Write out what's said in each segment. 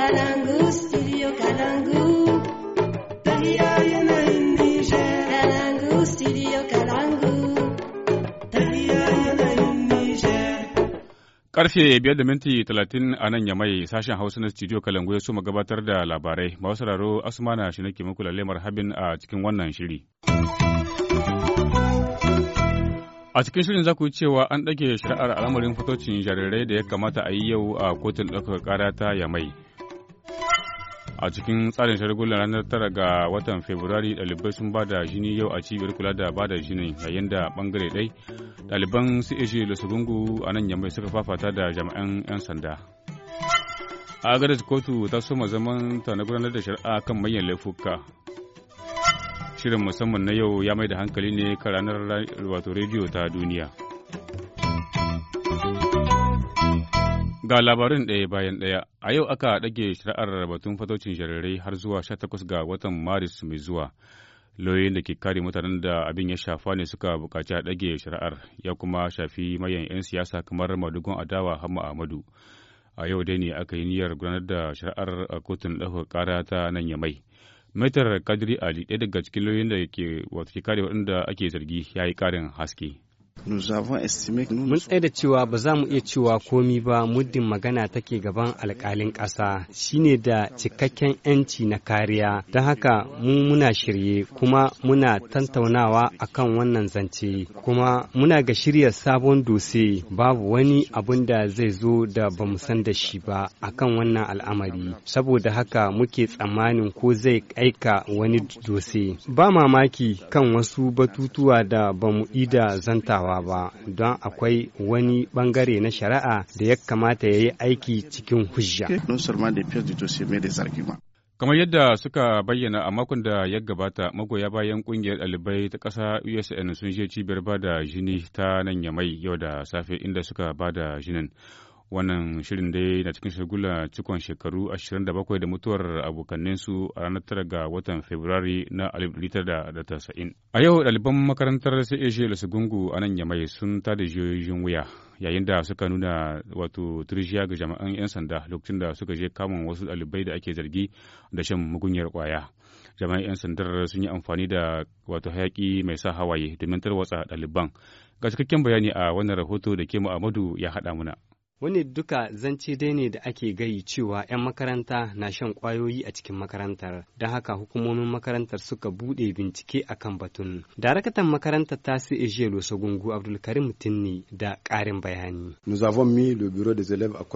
Kalangu, Karfe biyar da minti talatin a nan ya mai sashen Hausa na studio Kalangu ya suma gabatar da labarai. Masu sauraro Asmana shi nake muku lalle habin a cikin wannan shiri. A cikin shirin za ku yi cewa an ɗage shari'ar al'amarin fitocin jarirai da ya kamata a yi yau a kotun ɗaukar ƙara ta Yamai. a cikin tsarin shagulgulan ranar tara ga watan februari ɗalibai sun ba da jini yau a cibiyar kula da ba da jini yayin da bangare ɗai ɗaliban CAG Lusugungu a nan yamai suka fafata da jami'an 'yan sanda. Agadez kotu ta soma zaman ta na gudanar da shari'a kan manyan laifuka. Shirin musamman na yau ya mai da hankali ne kan ranar wato rediyo ta duniya. Ga labarin ɗaya bayan ɗaya, a yau aka ɗage shari'ar batun fatocin jarirai har zuwa 18 ga watan Maris mai zuwa. Loyin da ke kare mutanen da abin ya shafa ne suka buƙaci a ɗage shari'ar ya kuma shafi mayan 'yan siyasa kamar madugun adawa Hamma Ahmadu. A yau dai ne aka yi niyyar gudanar da shari'ar a kotun ɗaukar ƙara ta nan mai Maitar Kadiri Ali ɗaya daga cikin loyin da ke kare waɗanda ake zargi ya yi ƙarin haske. Mun tsaye da cewa ba za mu iya cewa komi ba muddin magana take gaban alkalin ƙasa shine da cikakken 'yanci na kariya don haka mu muna shirye kuma muna tantaunawa akan wannan zance kuma muna ga shirya sabon dose babu wani abin da zai zo da ba san da shi ba akan wannan al'amari saboda haka muke tsammanin ko zai aika wani dose ba mamaki kan wasu batutuwa da ba mu ida zanta tsarawa ba don akwai wani bangare na shari'a da ya kamata ya yi aiki cikin hujja. Kamar yadda suka bayyana a makon da ya gabata magoya bayan kungiyar ɗalibai ta ƙasa USN sun je cibiyar bada jini ta nan yamai yau da safe inda suka bada jinin. Wannan shirin dai na cikin shagula cikon shekaru 27 da mutuwar abokanninsu a ranar tara ga watan Fabrairu na 1990. A yau ɗaliban makarantar Lasu gungu a nan Yamai sun ta da jiyoyin wuya yayin da suka nuna wato turjiya ga jama'an 'yan sanda lokacin da suka je kamun wasu ɗalibai da ake zargi da shan mugunyar kwaya jama'an 'yan sandar sun yi amfani da wato hayaƙi mai sa hawaye domin tarwatsa ɗaliban. Ga cikakken bayani a wannan rahoto da ke Muhammadu ya haɗa muna. Wani duka zance dai ne da ake gayi cewa 'yan makaranta na shan kwayoyi a cikin makarantar, don haka hukumomin makarantar suka buɗe bincike a kan batun. Darakatan makarantar ta sai Ejiye Losogungu Abdulkarim Tinni da ƙarin bayani.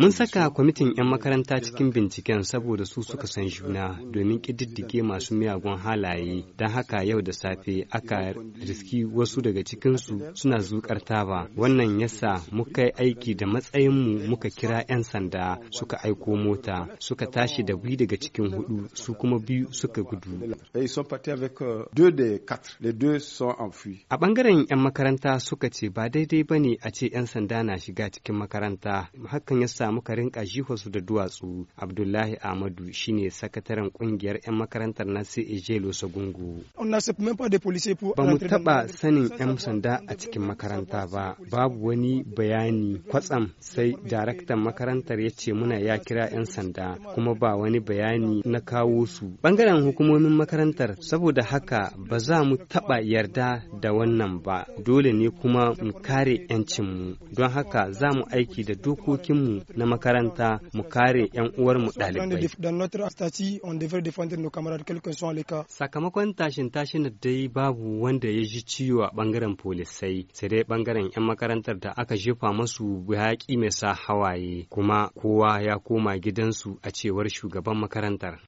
Mun saka kwamitin 'yan makaranta cikin binciken saboda su suka san juna domin ƙididdige masu miyagun halaye, don haka yau da safe aka riski wasu daga cikinsu suna zuƙar taba. Wannan yasa muka yi aiki da matsayin mu muka kira 'yan sanda suka aiko mota suka tashi da biyu daga cikin hudu su kuma biyu suka gudu. Euh, a bangaren 'yan makaranta suka ce ba daidai ba ne a ce 'yan sanda na shiga cikin makaranta hakan ya samu ka rinka su da duwatsu. Abdullahi Ahmadu shine sakataren kungiyar 'yan makarantar na CAJ Losogungu. Ba mu taɓa sanin 'yan sanda a cikin makaranta ba, babu wani bayani kwatsam sai daraktan makarantar ya ce muna ya kira 'yan sanda kuma ba wani bayani na kawo su bangaren hukumomin makarantar saboda haka ba za mu taɓa yarda da wannan ba dole ne kuma mu kare 'yancinmu don haka za mu aiki da dokokinmu na makaranta mu kare 'yan uwarmu ɗalibai sakamakon tashin tashin dai babu wanda ya ji ciwo a bangaren polisai sai dai bangaren 'yan makarantar da aka jefa masu yaƙi mai sa hawaye kuma kowa ya koma gidansu a cewar shugaban makarantar.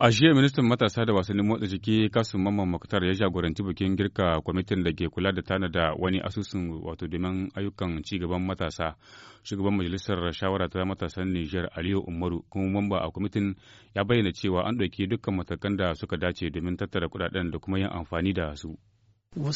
A jiya ministan matasa da wasannin motsa jiki kasu mamman Maktar ya jagoranci bikin girka kwamitin da ke kula da tanada wani asusun wato domin ayyukan ci gaban matasa. Shugaban majalisar shawara ta matasan Nijar Aliyu Umaru kuma mamba a kwamitin ya bayyana cewa an ɗauki dukkan matakan da suka dace domin tattara kuɗaɗen da kuma yin amfani da su. Kun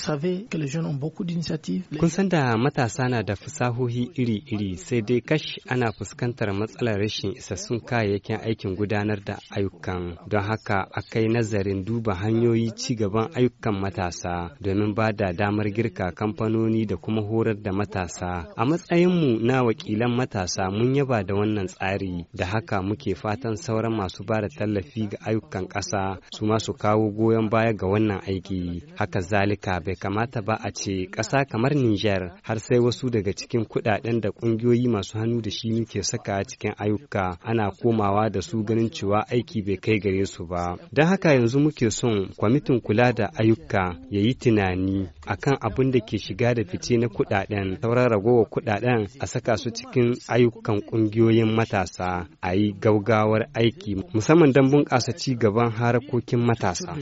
san da matasa na da fasahohi iri-iri sai dai kash ana fuskantar matsalar rashin isassun kayayyakin aikin gudanar da ayyukan don haka akai nazarin duba hanyoyi ci gaban ayyukan matasa domin ba da damar girka kamfanoni da kuma horar da matasa. A matsayinmu na wakilan matasa mun yaba da wannan tsari da haka muke fatan sauran masu ba da tallafi ga ayyukan ƙasa su masu kawo goyon baya ga wannan aiki. Haka zalika Afirka bai kamata ba a ce ƙasa kamar Nijar har sai wasu daga cikin kuɗaɗen da ƙungiyoyi masu hannu da shi ke saka cikin ayyuka ana komawa da su ganin cewa aiki bai kai gare su ba. Don haka yanzu muke son kwamitin kula da ayyuka ya yi tunani akan abin da ke shiga da fice na kuɗaɗen sauran ragowar kuɗaɗen a saka su cikin ayyukan ƙungiyoyin matasa a yi gaugawar aiki musamman don bunƙasa ci gaban harakokin matasa.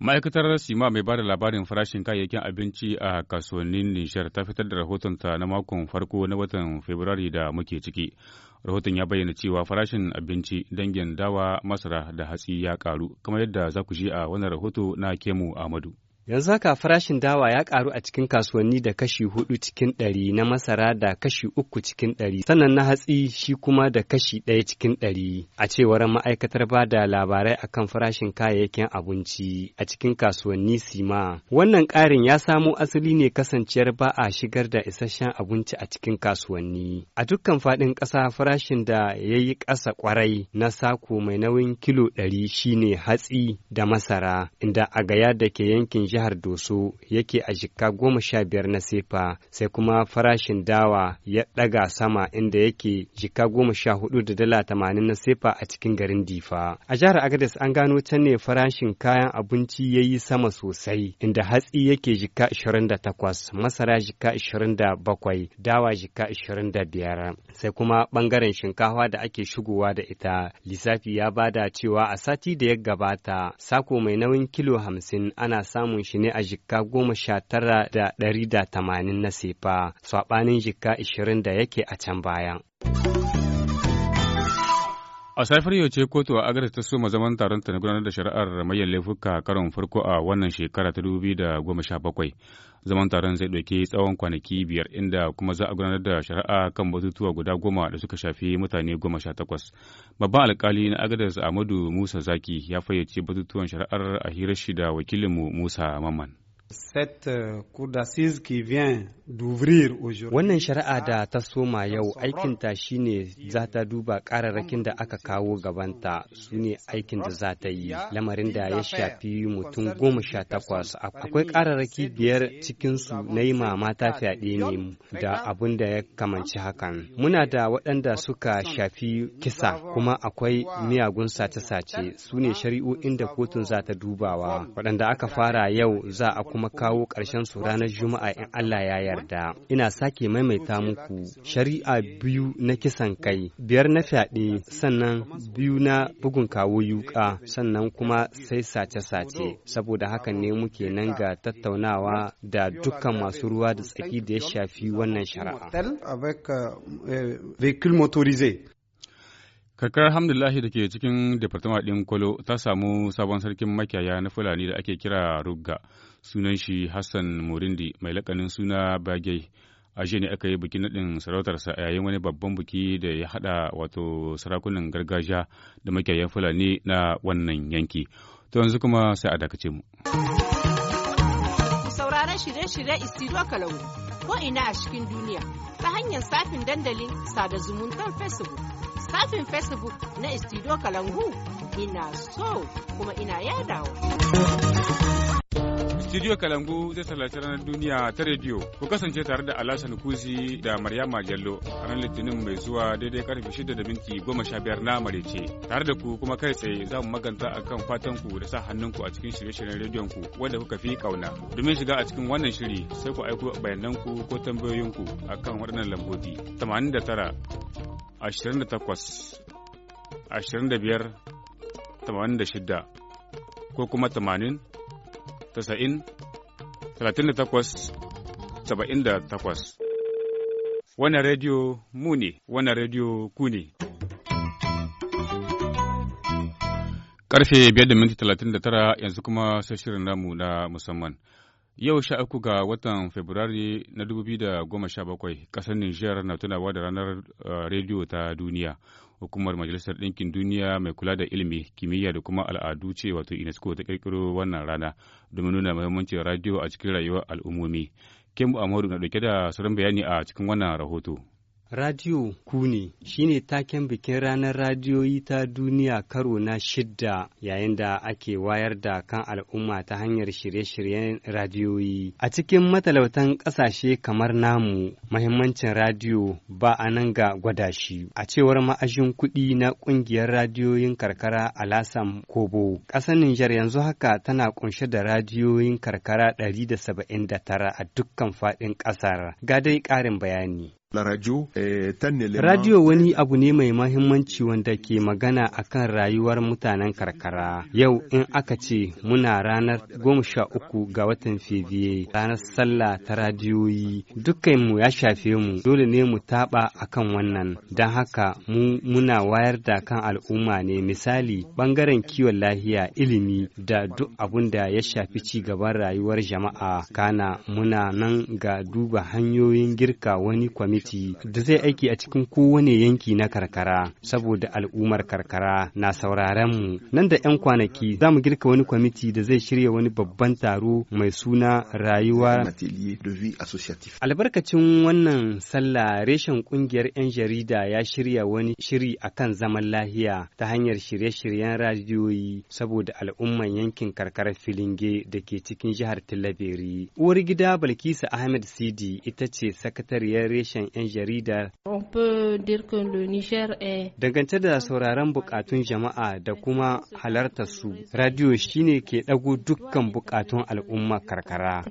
Ma'aikatar Sima mai ba da labarin farashin kayayyakin abinci a kasuwannin Nishar ta fitar da rahotonta na makon farko na watan Fabrairu da muke ciki. Rahoton ya bayyana cewa farashin abinci dangin dawa, masara da hatsi ya karu, kamar yadda za ku ji a wannan rahoto na Kemu amadu. Yanzu haka farashin dawa ya karu a cikin kasuwanni da kashi hudu cikin ɗari na masara da kashi uku cikin ɗari sannan na hatsi shi kuma da kashi ɗaya cikin ɗari a cewar ma'aikatar ba da labarai akan farashin kayayyakin abinci a cikin kasuwanni sima. Wannan ƙarin ya samo asali ne kasancewar ba a shigar da isasshen abinci a cikin kasuwanni. A dukkan faɗin ƙasa farashin da ya yi ƙasa kwarai na sako mai nauyin kilo ɗari shine hatsi da masara inda a gaya da ke yankin jihar jihar Doso yake a jikka goma sha biyar na sefa sai kuma farashin dawa ya ɗaga sama inda yake jikka goma sha hudu da dala tamanin na sefa a cikin garin Difa. A jihar Agadez an gano can ne farashin kayan abinci ya yi sama sosai inda hatsi yake jikka ashirin da takwas, masara jikka ashirin da bakwai, dawa jikka ashirin da biyar. Sai kuma ɓangaren shinkafa da ake shigowa da ita lissafi ya bada cewa a sati da ya gabata sako mai nauyin kilo hamsin ana samun samun shi ne a jikka goma sha tara da ɗari da tamanin na sefa, saɓanin jikka ashirin da yake a can bayan. A safiyar yau ce kotu a agadar ta soma zaman taron ta na gudanar da shari'ar mayan laifuka karon farko a wannan shekara ta dubu da goma sha bakwai. Zaman taron zai ɗauki tsawon kwanaki biyar inda kuma za a gudanar da shari'a kan batutuwa guda goma da suka shafi mutane goma sha takwas. Babban alkali na Agadez Ahmadu Musa Zaki ya fayyace batutuwan shari'ar a hirar shi da wakilinmu Musa Maman. cette cour d'assises qui vient Wannan shari'a da ta soma yau aikinta shi ne za ta duba ƙararrakin da aka kawo gabanta su ne aikin da za ta yi lamarin da ya shafi mutum goma sha takwas akwai ƙararraki biyar cikinsu na yi mata fyaɗe ne da abin da ya kamanci hakan. Muna da waɗanda suka shafi kisa kuma akwai miyagun sace-sace su ne shari'o'in da kotun za ta dubawa waɗanda aka fara yau za a kuma kawo ƙarshen su ranar Juma'a in Allah ya yarda. yarda ina sake maimaita muku shari'a biyu na kisan kai biyar na fyaɗe sannan biyu na bugun kawo yuka sannan kuma sai sace-sace saboda haka ne muke nan ga tattaunawa da dukkan masu ruwa da tsaki da ya shafi wannan shari'a. Euh, Karkar Hamdullahi da ke cikin Departama ɗin Kwalo ta samu sabon sarkin makiyaya na Fulani da ake kira Rugga, sunan shi Hassan Murindi mai lakanin suna Bagai. A ne aka yi bikin naɗin sarautarsa a yayin wani babban biki da ya haɗa wato sarakunan gargajiya da makiyayan Fulani na wannan yanki. To yanzu kuma sai a dakace mu. Sauraron shirye-shirye Istiro Kalau ko ina a cikin duniya ta hanyar safin dandalin sada zumuntar Facebook. kafin facebook na istido kalangu ina so kuma ina yadawa Studio Kalangu zai tallace ranar duniya ta rediyo. Ku kasance tare da Alasan Kuzi da Maryama Jallo a ranar Litinin mai zuwa daidai karfe shida da minti biyar na marece. Tare da ku kuma kai tsaye za mu maganta akan fatan ku da sa hannunku a cikin shirye-shiryen rediyon ku wanda kuka fi kauna. Domin shiga a cikin wannan shiri sai ku aiko bayananku ko tambayoyinku ku kan waɗannan lambobi. tara ashirin da takwas ashirin da biyar tamanin da shida ko kuma tamanin tasa'in talatin da takwas saba'in da takwas wani rediyo mu ne wannan rediyo ku ne karfe biyar da minti talatin da tara yanzu kuma sai shirin namu na musamman Yau sha uku ga watan Fabrairu na 2017 ƙasar Nijar na tunawa da ranar eh, rediyo ta duniya. Hukumar Majalisar Ɗinkin Duniya mai kula da ilimi, kimiyya da kuma al'adu ce wato UNESCO ta ƙirƙiro wannan rana domin nuna muhimmancin radiyo a cikin rayuwar al'ummomi. Kembu Amadu na ɗauke da sauran bayani a cikin wannan rahoto. Radio shi ne taken bikin ranar radiyoyi ta duniya karo na shidda yayin da ake wayar da kan al'umma ta hanyar shirye-shiryen radiyoyi. A cikin matalautan ƙasashe kamar namu, mahimmancin radiyo ba a nan ga gwada shi. A cewar ma'ajin kuɗi na ƙungiyar radiyoyin karkara a Alasan Kobo, ƙasar Nijar yanzu haka tana kunshe da radiyoyin karkara 179 a dukkan faɗin ƙasar. Ga dai ƙarin bayani. Radio, wani abu ne mai mahimmanci wanda ke magana a kan rayuwar mutanen karkara. Yau in aka ce muna ranar goma sha uku ga watan Fevriye ranar sallah ta radiyoyi mu ya shafe mu dole ne mu taɓa akan wannan don haka mu muna wayar da kan al'umma ne misali ɓangaren kiwon lahiya ilimi da duk abun da ya shafi ci gaban rayuwar jama'a kana muna nan ga duba hanyoyin girka wani kwami gwamnati da zai aiki a cikin kowane yanki na karkara saboda al'ummar karkara na sauraren mu nan da 'yan kwanaki za mu girka wani kwamiti da zai shirya wani babban taro mai suna rayuwa albarkacin wannan sallah reshen kungiyar 'yan jarida ya shirya wani shiri akan zaman lahiya ta hanyar shirye-shiryen radiyoyi saboda al'umman yankin karkara filinge da ke cikin jihar tillaberi uwar gida balkisa ahmed sidi ita ce sakatariyar reshen 'yan jarida. Dangance da sauraron bukatun jama'a da kuma halartar su, radio shine ke ɗago dukkan bukatun al'umma karkara.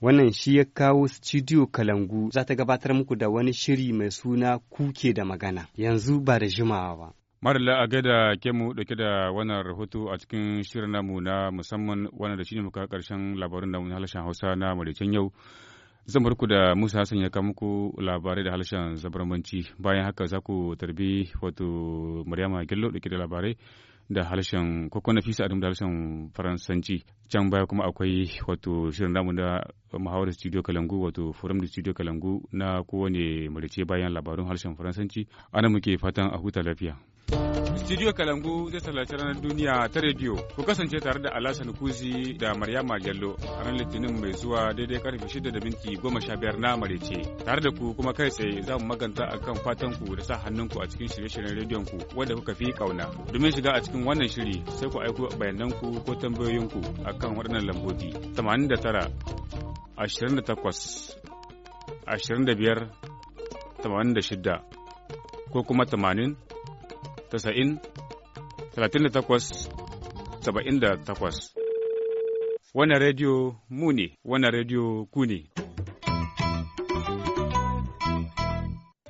Wannan shi ya kawo studio Kalangu za ta gabatar muku da wani shiri mai suna kuke da magana. Yanzu ba da jimawa ba. mara a gaida ke mu dauke da wannan rahoto a cikin shirin namu na musamman wannan da ne muka karshen labarin da halashen Hausa na Maricen yau. zan barku da Musa Hassan ya kawo muku labarai da harshen zabarmanci bayan haka za ku tarbi wato Maryama Gello da da labarai da harshen koko na fisa da harshen faransanci can baya kuma akwai wato shirin namu na muhawarar studio kalangu wato forum da studio kalangu na kowane marice bayan labarun harshen faransanci ana muke fatan a huta lafiya. Studio Kalangu zai tallace ranar duniya ta rediyo. Ku kasance tare da Alasan Kuzi da Maryama Jallo a ranar Litinin mai zuwa daidai karfe shida da minti goma sha biyar na marece. Tare da ku kuma kai tsaye za mu maganta a kan fatan ku da sa hannunku a cikin shirye-shiryen rediyon ku wanda kuka fi kauna. Domin shiga a cikin wannan shiri sai ku aiko bayananku ko tambayoyinku kan waɗannan lambobi. 89 28 da 86 ko kuma tamanin. tasa'in talatin da Wannan rediyo mu ne, wannan rediyo ku ne.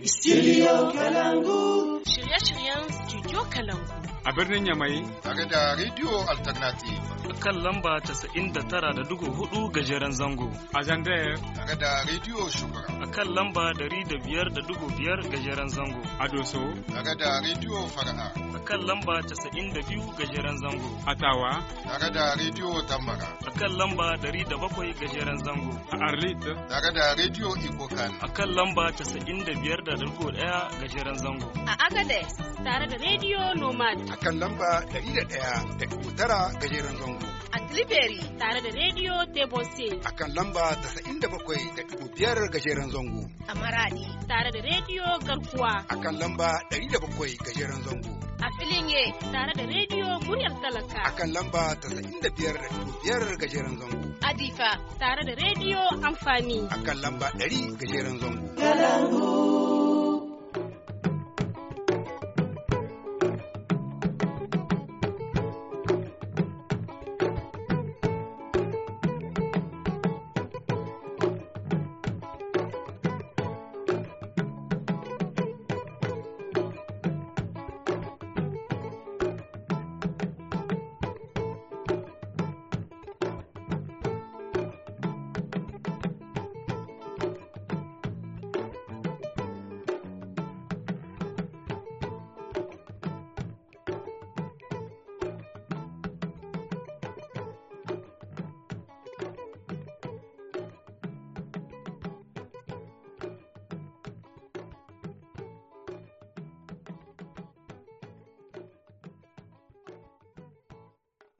Studio Kalangu. shirye-shiryen Studio Kalangu. A birnin Yamai. Tare da Radio Alternative. Kan lamba 99.4 gajeren zango. A Zandaya. Tare da Radio Shugaba. A kan lamba 105.5 gajeren zango. A Doso. Tare da Radio Fara'a. akan lamba 92 gajeren zango. A Tawa. Tare da Radio Tambara. Akan lamba 107 gajeren zango. A Arlita. Daga da Radio Ikokan. A kan lamba 95.1 gajeren zango. A Agades. Tare da Radio Nomad. A kan lamba 101.9 gajeren zango. A Tilibiri. Tare da Rediyo Tebose. A kan lamba 97.5 gajeren zango. A Maradi. Tare da Radio Garkuwa. Akan lamba 107 gajeren zango. a filin ye tare da rediyo muryar talaka. A kan lamba tasa'in da biyar da biyar gajeren zango. Adifa tare da rediyo amfani. A kan lamba ɗari gajeren zango. Galangu.